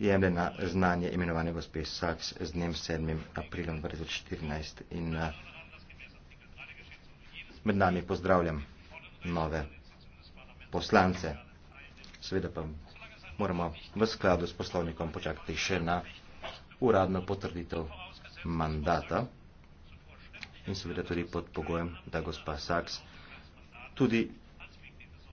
jemlje na znanje imenovane gospe Saks z dnem 7. aprilom 2014 in eh, med nami pozdravljam nove poslance. Seveda pa moramo v skladu s poslovnikom počakati še na uradno potrditev mandata in seveda tudi pod pogojem, da gospa Saks tudi